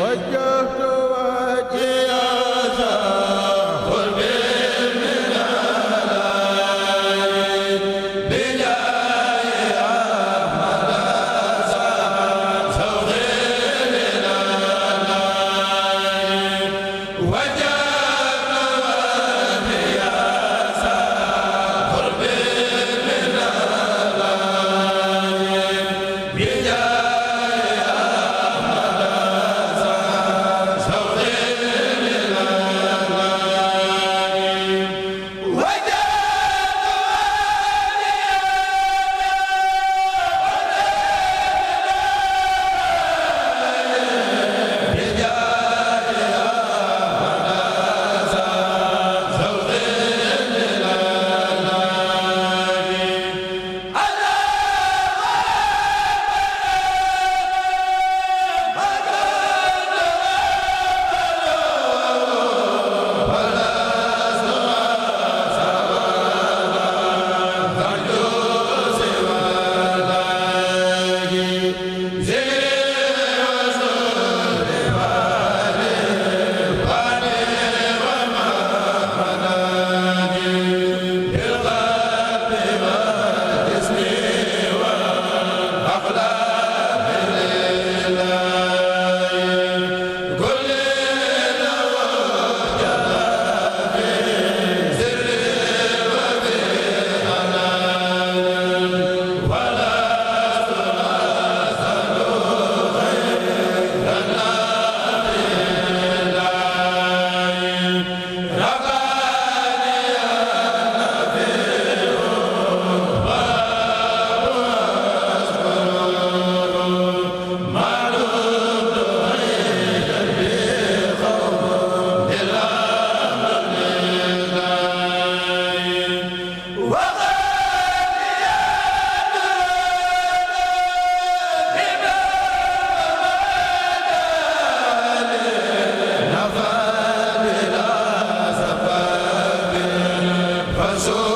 wajja fa